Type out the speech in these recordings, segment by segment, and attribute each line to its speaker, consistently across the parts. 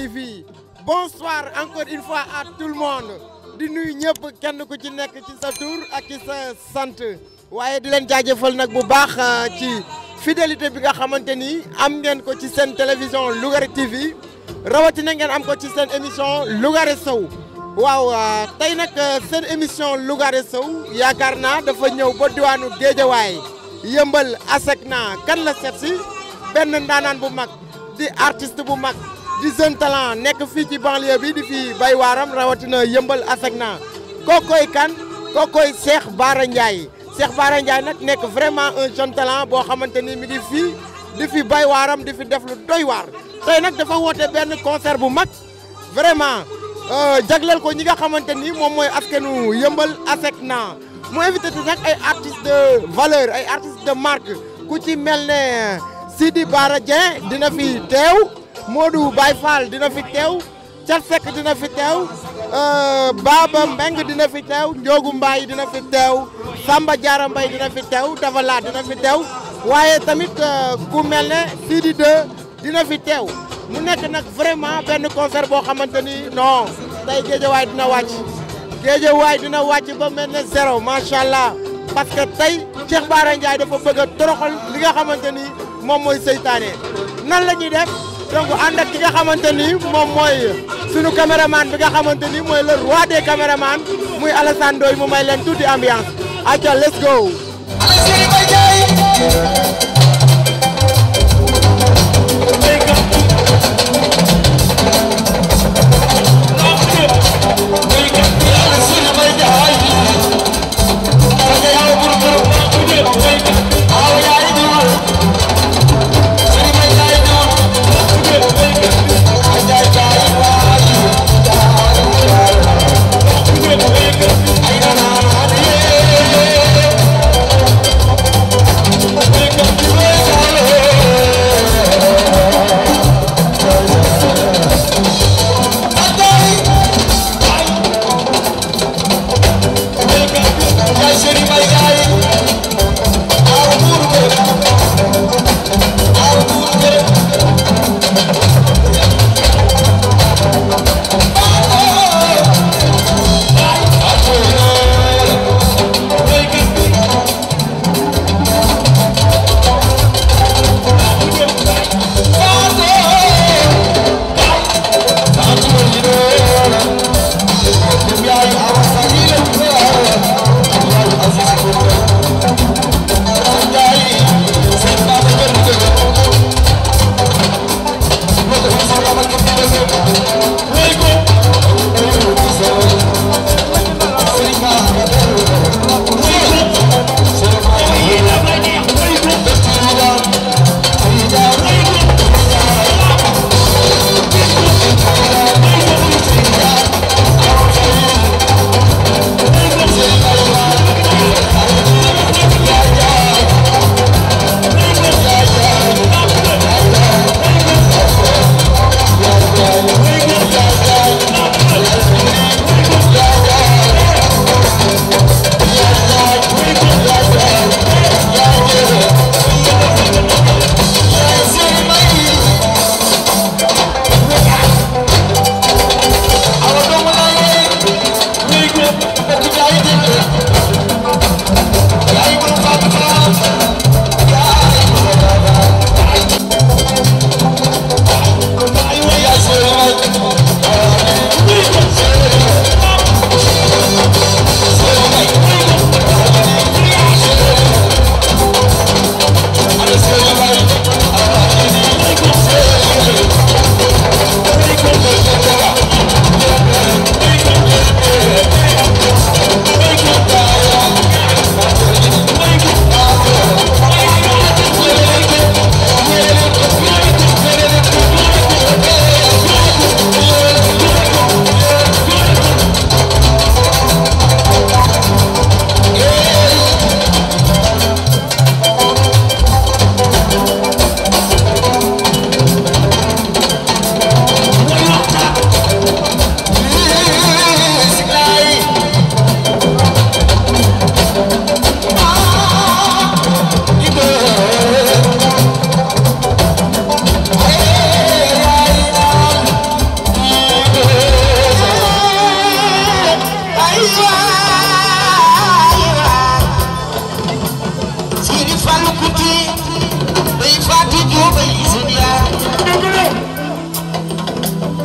Speaker 1: TV bonsoir encore une fois à tout le monde di nuyu ñëpp kenn ku ci nekk ci sa tour ak ci sa sant waaye di len jaajëfal nak bu baax ah, ci fidélité bi nga xamanteni am ngeen ko ci sen télévision Lougaré TV na ngeen am ko ci sen émission Lougaré Sow waaw ah, tay nak ah, sen émission Lougaré Sow yaakaar naa dafa ñew ba diwanu Géejawaay yëmbal Asekna kan la seet ben ndanan bu mag di artiste bu mag di jeune talent nek fi ci banlieue bi di fi baywaram rawatina yëmbal Asegna kokoy kan kokoy Cheikh Bara ndjay Cheikh Bara ndjay nak nek vraiment un jeune talent bo xamanteni mi di fi di fi baywaram di fi def lu doy war tay nak dafa woote ben concert bu mag vraiment euh, jaglal ko ñi nga xamanteni mom moy askenu askanu yëmbal mo invité te ay artistes de valeur ay artistes de marque ku ci melne Sidi Bara dina fi tew moo Modou Baye Fall dina fi teew Cat Seck dina fi teew euh, ba Mbeng dina fi teew Njoogu Mbaay dina fi teew Samba Diarra Mbaye dina fi teew Davala dina fi teew waaye tamit euh, ku mel ne Sidi dina fi teew mu nekk nag vraiment benn concert boo xamante ni non tey géejawaay dina wàcc géejawaay dina wàcc ba mel ne zéro macha allah parce que tey Cheikh Bara Ndiaye dafa bëgg a toroxal li nga xamante ni moom mooy seytaane nan la ñuy def. donc ànd ak ki nga xamante ni moom mooy sunu caméraman bi nga xamante ni mooy le roi des caméramans muy Alassane mu may leen tuuti ambiance acca let's go.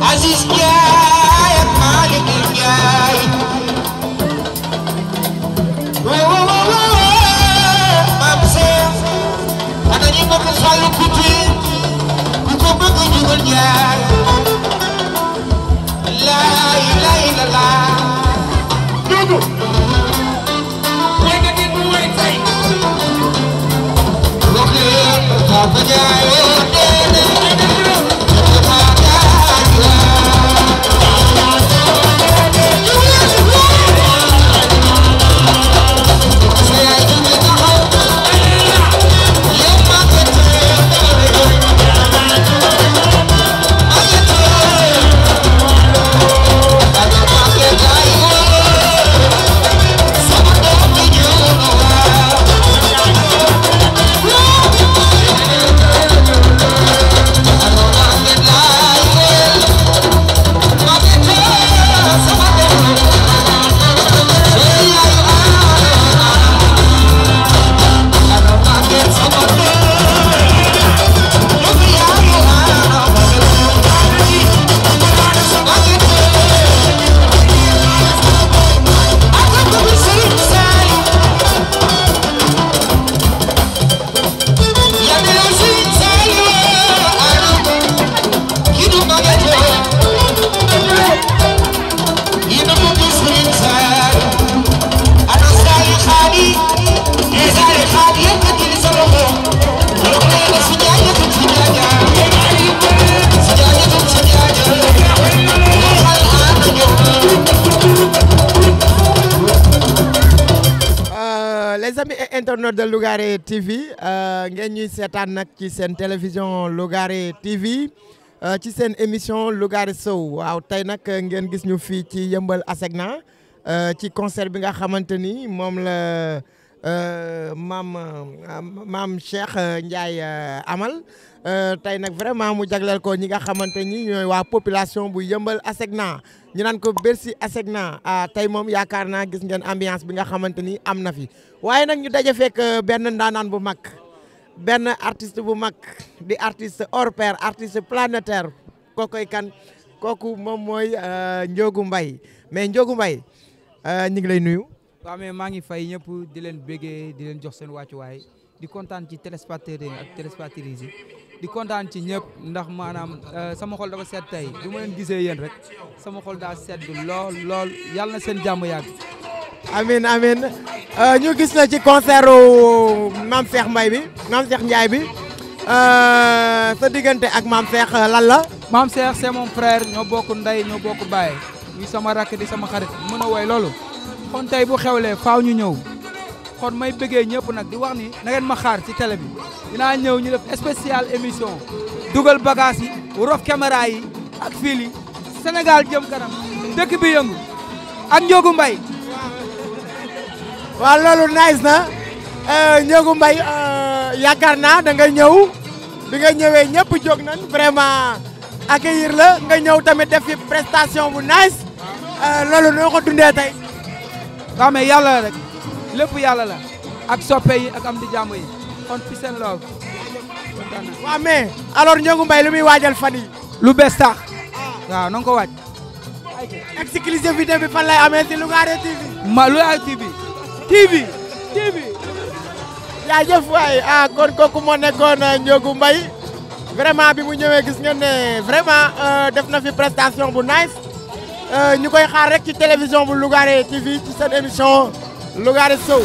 Speaker 2: Aziz Njaay ak Malick Njaay waaw waaw maam Seex ana ñi bëgg Fallou Couture ku ko bëgg jugal Njaay laa ilaaha illallaah dudu way nga dégg way tay
Speaker 1: internautes de Lougaré TV euh, ngeen ñuy seetaan nag ci seen télévision Lougaré TV euh, ci seen émission Lougaré Sow waaw tey nag ngeen gis ñu fii ci Yeumbeul Asegna euh, ci concert bi nga xamante ni moom la mam maam Cheikh Ndiaye amal Euh, tey nag vraiment mu jagleel ko ñi nga xamante ñi ñooy waa population bu yëmbal Asecna ñu naan ko Bercy Asecna a ah, tey moom yaakaar naa gis ngeen ambiance bi nga xamante ni am na fi waaye nag ñu daje fekk euh, benn ndaanaan bu mag benn artist bu mag di artiste hors pair artiste planétaire kookoy kan kooku moom mooy euh, Ndiogou Mbaye mais Ndiogou Mbaye ñu ngi lay nuyu.
Speaker 2: waaw mais maa ngi fay ñëpp di leen bégee di leen jox seen wàccuwaay di kontaan ci téléspectateurs yi ak téléspectatrices yi di kontaan ci ñëpp ndax maanaam euh, sama xol dafa sedd tey bi ma leen gisee yéen rek sama xol daa sedd lool lool yàlla na seen jàmm yàgg.
Speaker 1: amin amin euh, ñu gis na ci concert maam Cheikh Mbaye bi maam Cheikh Ndiaye bi euh, sa diggante ak maam
Speaker 2: Cheikh lan la. maam Cheikh c'est ñoo bokk ndey ñoo bokk baay sama rakk di sama xarit mën a woy loolu kon tey bu xewlee faaw ñu ñëw. kon may bëggee ñëpp nag di wax ni na ngeen ma xaar ci télé bi dinaa ñëw ñu def spécial émission dugal bagage yi rof caméra yi ak fil yi Sénégal jëm kanam dëkk bi yëngu ak Ndiogou Mbaye waaw loolu nice na euh,
Speaker 1: Ndiogou Mbaye euh, yaakaar naa da nga ñëw bi nga ñëwee ñëpp jóg nañ
Speaker 2: vraiment ak accueillir la nga ñëw tamit def fi prestation bu nice euh, loolu noo ko dundee tey waaw mais yàlla rek lépp yàlla la ak soppe yi ak am di jàmm yi kon peace and love waaw mais alors lu muy waajal fan yi lu bees tax waaw na nga ko waaj exclusive vidéo bi fan lay amee ci Lougaré TV ma Lougaré TV TV TV
Speaker 1: jaajëf waay ah kon kooku moo nekkoon euh, Ndiongu Mbaye vraiment bi mu ñëwee gis ngeen ne vraiment euh, def na fi bu nice euh, ñu koy xaar rek ci télévision bu Lougaré TV ci sen émission Lugar é Sul.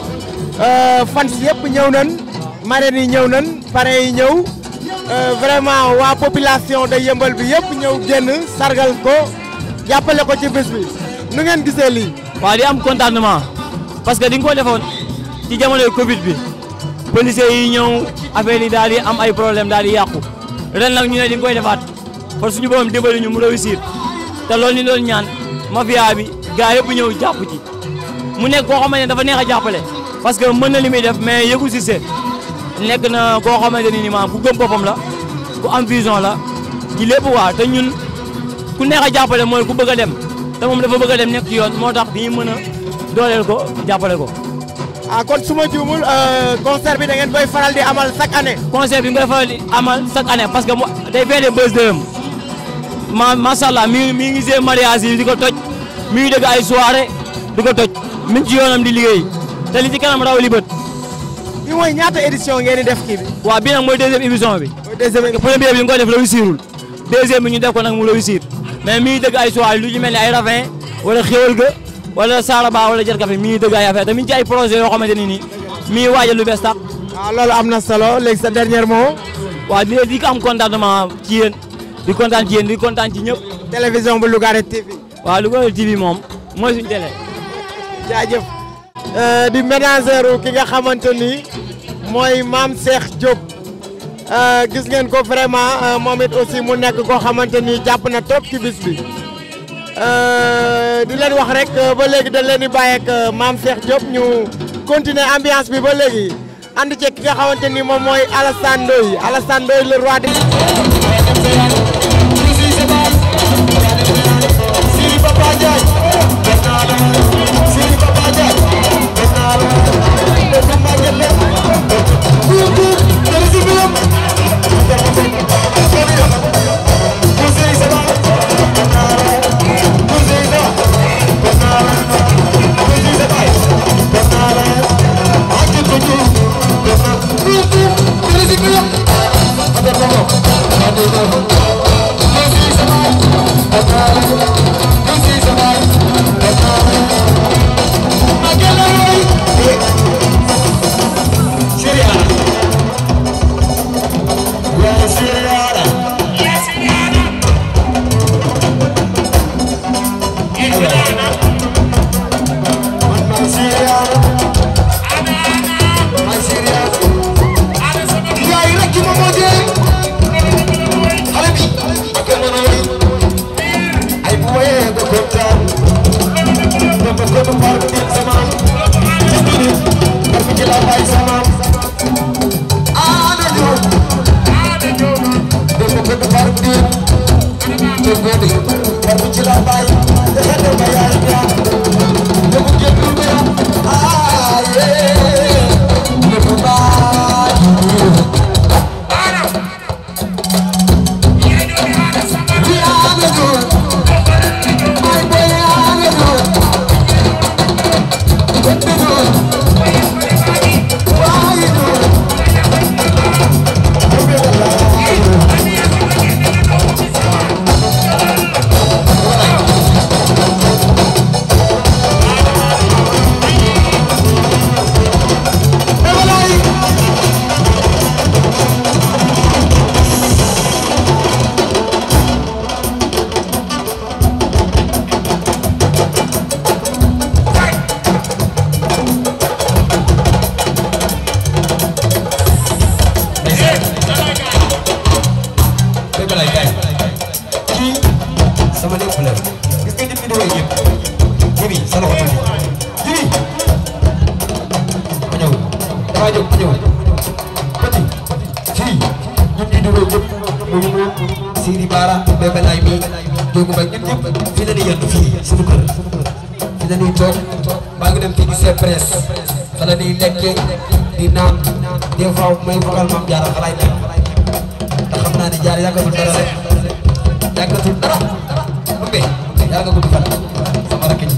Speaker 1: Euh, fans yëpp ñëw nañ marraines yi ñëw nañ parrains yi ñëw euh, vraiment waa population de yëmbal bi yëpp ñëw
Speaker 3: génn sargal ko jàppale ko ci bés bi nu ngeen gisee waa di am contentement parce que di nga ko defoon ci jamonoy Covid bi policiers yi ñëw affaire yi daal di am ay problème daal di yàqu ren nag ñu ne defaat parce suñu borom dimbali ñu mu réussir te loolu ni doon ñaan mafia bi gaa yëpp ñëw jàpp ci mu nekk koo xamante ne dafa neex a jàppale. parce que mën na li muy def mais Yékini Cissé nekk na koo xamante ni maanaam ku gëm boppam la ku am vision la ci lépp waa te ñun ku neex a jàppale mooy ku bëgg a dem te moom dafa bëgg a dem nekk ci yoon moo tax bi mën a dooleel ko jàppale ko. ah kon su ma juumul euh, concert bi na ngeen koy faral di amal chaque année. concert bi nga koy faral di amal chaque année parce que day feete bés dëgëm ma macha allah mi mi ngi gisee mariage yi di ko toj mi ngi ay soirée di ko toj mi ngi di liggéey. te li ci kanam raw li bët. bi moy ñaata édition ngeen di def kii bi. waaw bii nag mooy deuxième émission bi. mooy deuxième émission première bi ñu ngi koy def réussirul deuxième ñu def ko nak mu réussir mais mi deug ay choix lu ñu melni ay ravin wala xewal ga wala Saraba wala Jarkafe mi deug ay affaire dañu ci ay projet yo xamanteni ni mi ngi lu bees tax. waaw ah, lolu amna na solo léegi sa dernier mot. wa di di am contentement ci yeen di content ci yeen di content ci ñep télévision bu lugare TV. wa lugare TV mom moy suñu télé.
Speaker 1: jaajëf. Euh, di ménagère ki nga xamante ni mooy maam Cheikh Diop euh, gis ngeen ko vraiment euh, moom it aussi mu nekk koo xamante ni jàpp na trop ci bis bi di leen wax rek ba léegi dañ leen di bàyyi maam Cheikh Diop ñu continuer ambiance bi ba léegi ànd ceeg ki nga xamante ni moom mooy Alassane Ndoye Alassane Ndoye le roi de
Speaker 2: laay def te xam naa ne jaar yàggatul dara rek yàggatul dara mu ne yàlla nga gudd fan sama rakk ji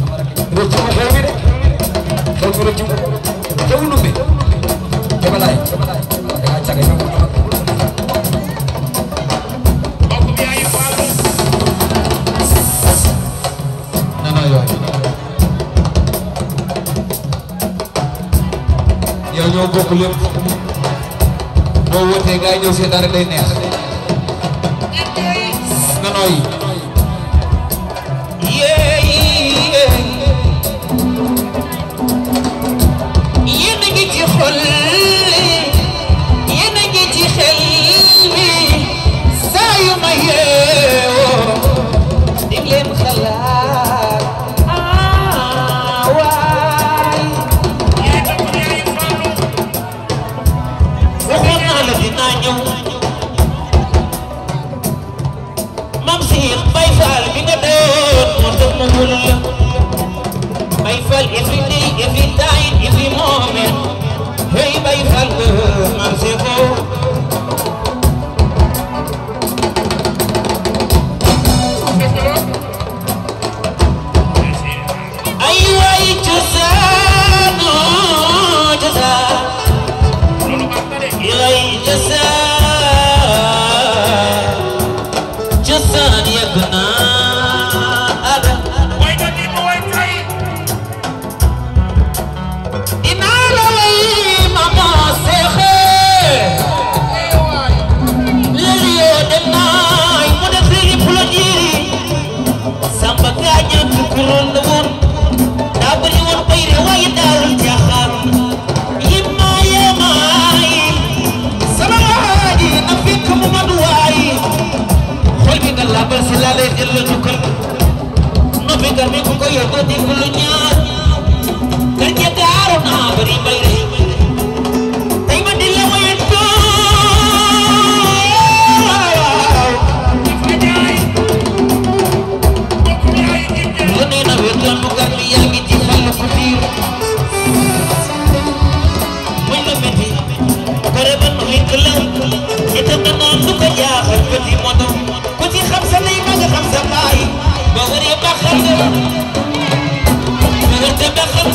Speaker 2: rëccu ma xew mi de xew mi rëccu xew nu bi jabalaay dangaa cagay ma yow
Speaker 3: ñoo bokk
Speaker 2: boo wootee gars yi ñëw seetaan rek day neex. ఎవరి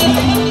Speaker 2: Thank you.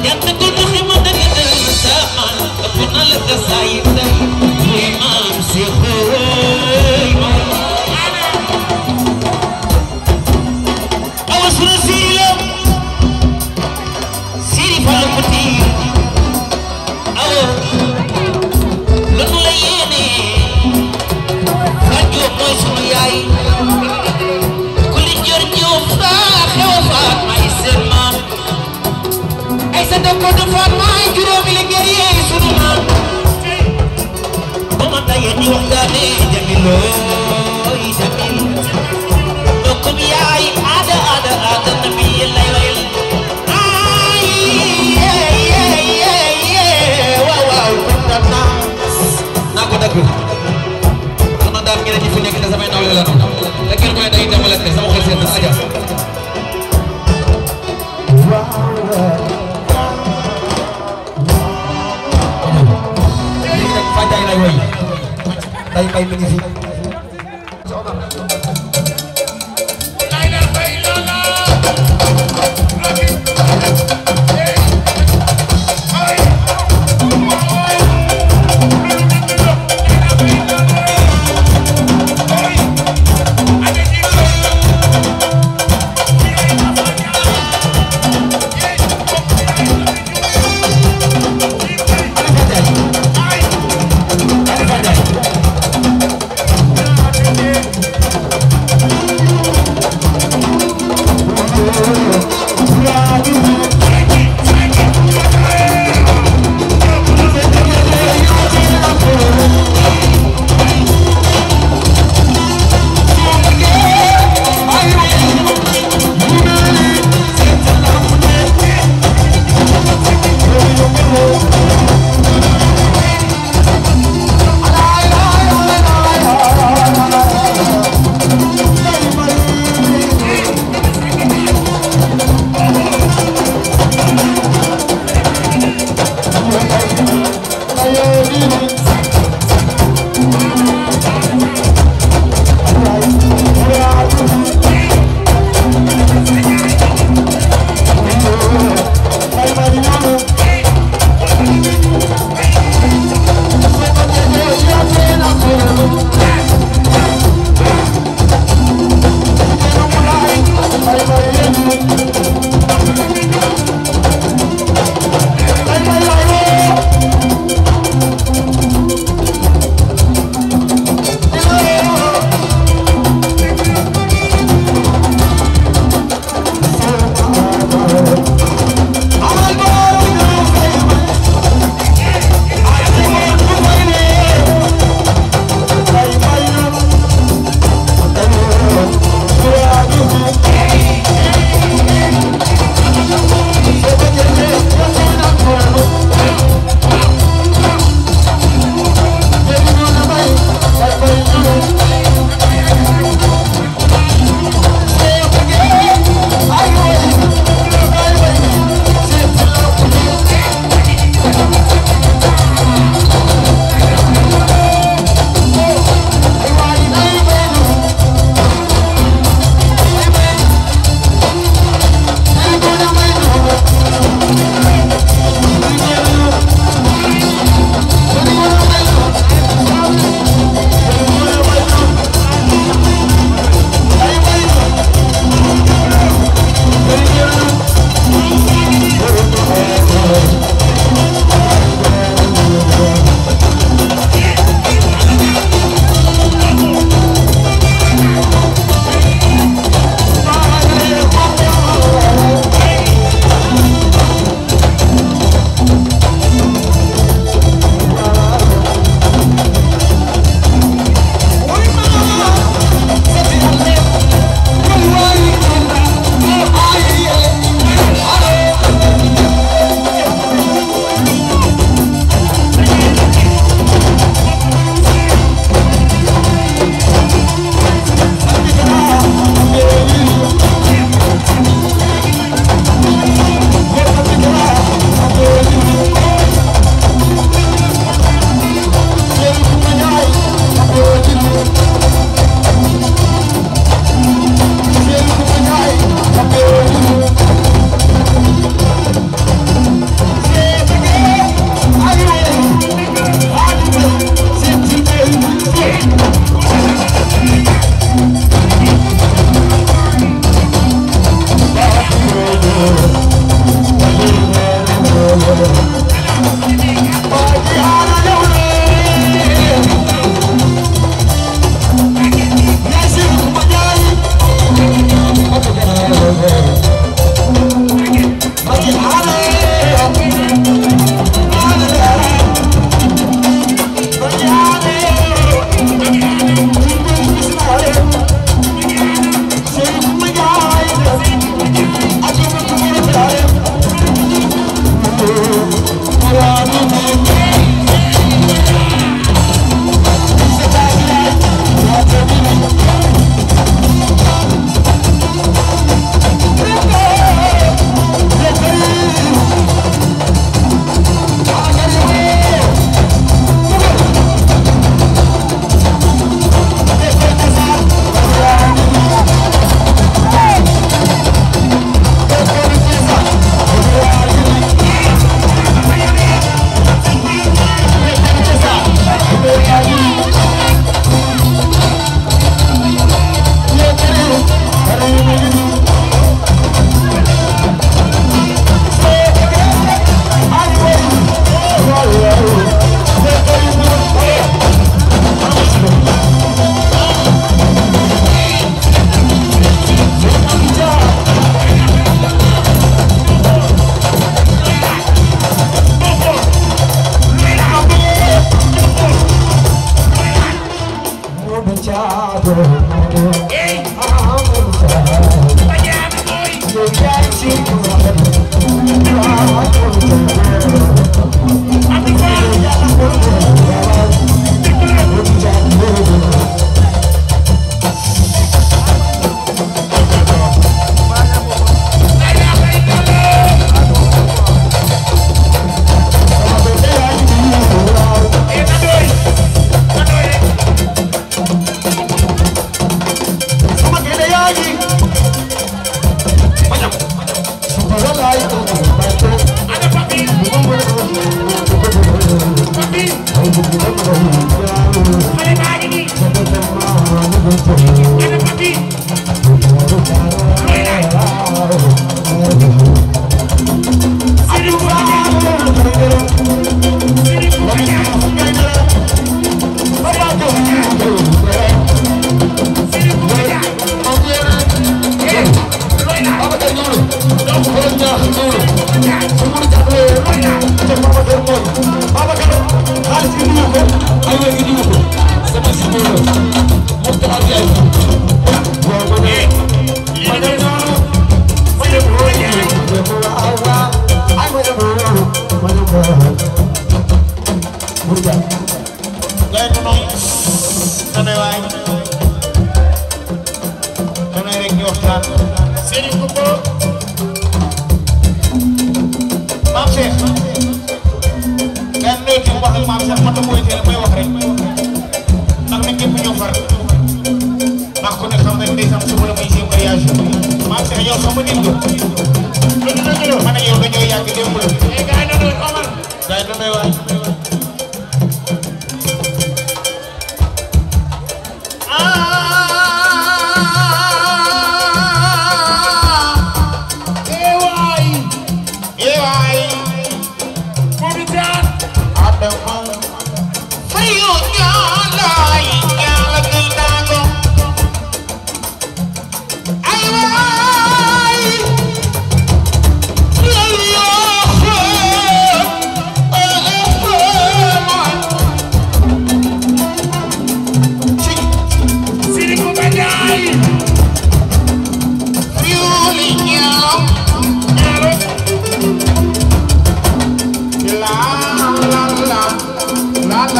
Speaker 3: Você é menino, você é seguro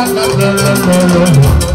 Speaker 2: la la la la la.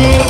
Speaker 2: Yeah.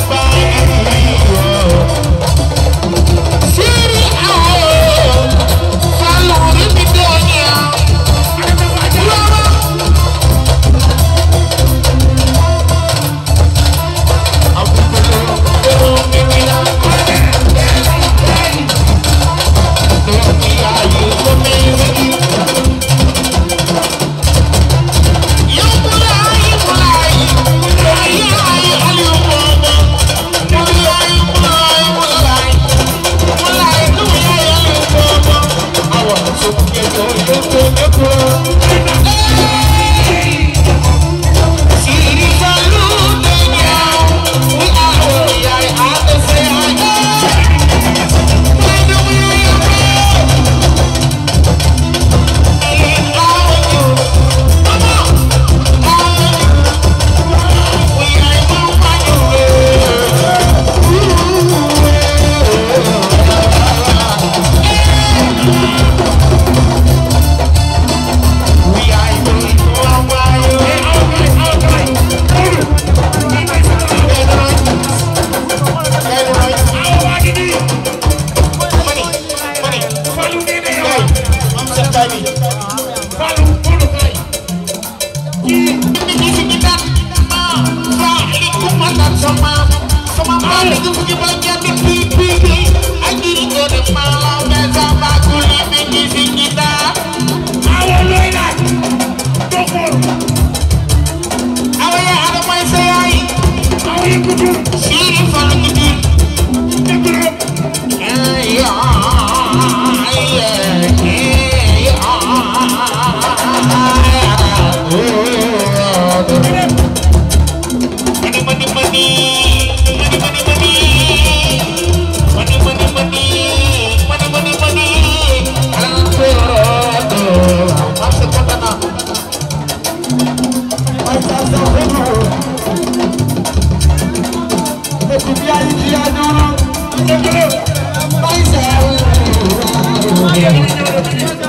Speaker 2: Thank you.